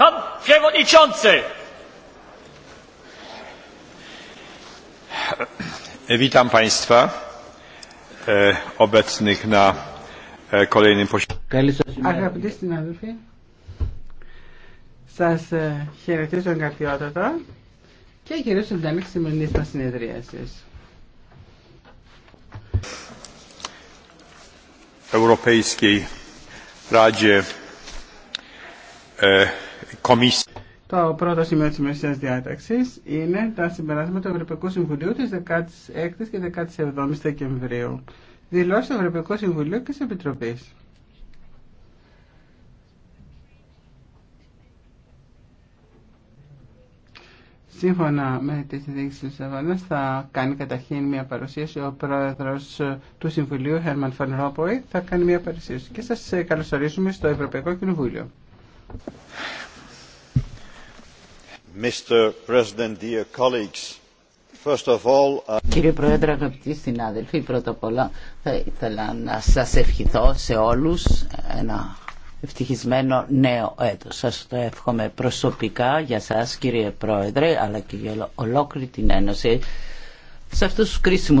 Pan Przewodniczący! Witam Państwa e, obecnych na e, kolejnym posiedzeniu. Σας ε, χαιρετίζω καρδιότατα και κυρίως την της σημερινής μας συνεδρίασης. Ευρωπαϊκή Ράτζε το πρώτο σημείο της ημερησίας διάταξη είναι τα συμπεράσματα του Ευρωπαϊκού Συμβουλίου τη 16 η και 17 η Δεκεμβρίου. Δηλώσει του Ευρωπαϊκού Συμβουλίου και τη Επιτροπή. Σύμφωνα με τις ειδήσει τη Λισαβόνας θα κάνει καταρχήν μια παρουσίαση ο πρόεδρος του Συμβουλίου, Χερμαν Van θα κάνει μια παρουσίαση και σα καλωσορίζουμε στο Ευρωπαϊκό Κοινοβούλιο. Uh, κύριε Πρόεδρε, αγαπητοί συνάδελφοι, πρώτα απ' όλα θα ήθελα να σας ευχηθώ σε όλους ένα ευτυχισμένο νέο έτος. Σας το εύχομαι προσωπικά για σας κύριε Πρόεδρε, αλλά και για ολόκληρη την Ένωση σε αυτούς τους κρίσιμους